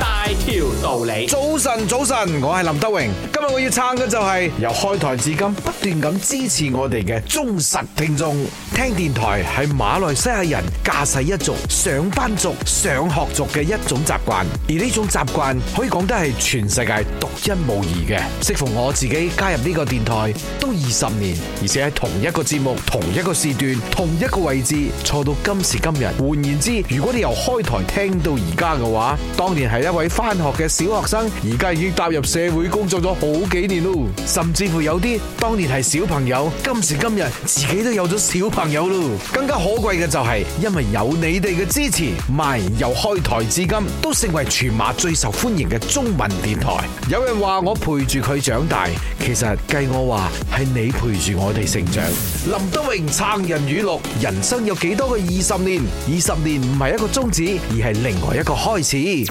大條道理，早晨，早晨，我係林德榮，今日我要撐嘅就係由開台至今不斷咁支持我哋嘅忠實聽眾。聽電台係馬來西亞人駕駛一族、上班族、上學族嘅一種習慣，而呢種習慣可以講得係全世界獨一無二嘅。適逢我自己加入呢個電台都二十年，而且喺同一個節目、同一個時段、同一個位置坐到今時今日。換言之，如果你由開台聽到而家嘅話，當年喺。一位翻學嘅小學生，而家已經踏入社會工作咗好幾年咯。甚至乎有啲當年係小朋友，今時今日自己都有咗小朋友咯。更加可貴嘅就係，因為有你哋嘅支持，咪由開台至今都成為全馬最受歡迎嘅中文電台。有人話我陪住佢長大，其實計我話係你陪住我哋成長。林德榮撐人語錄，人生有幾多個二十年？二十年唔係一個終止，而係另外一個開始。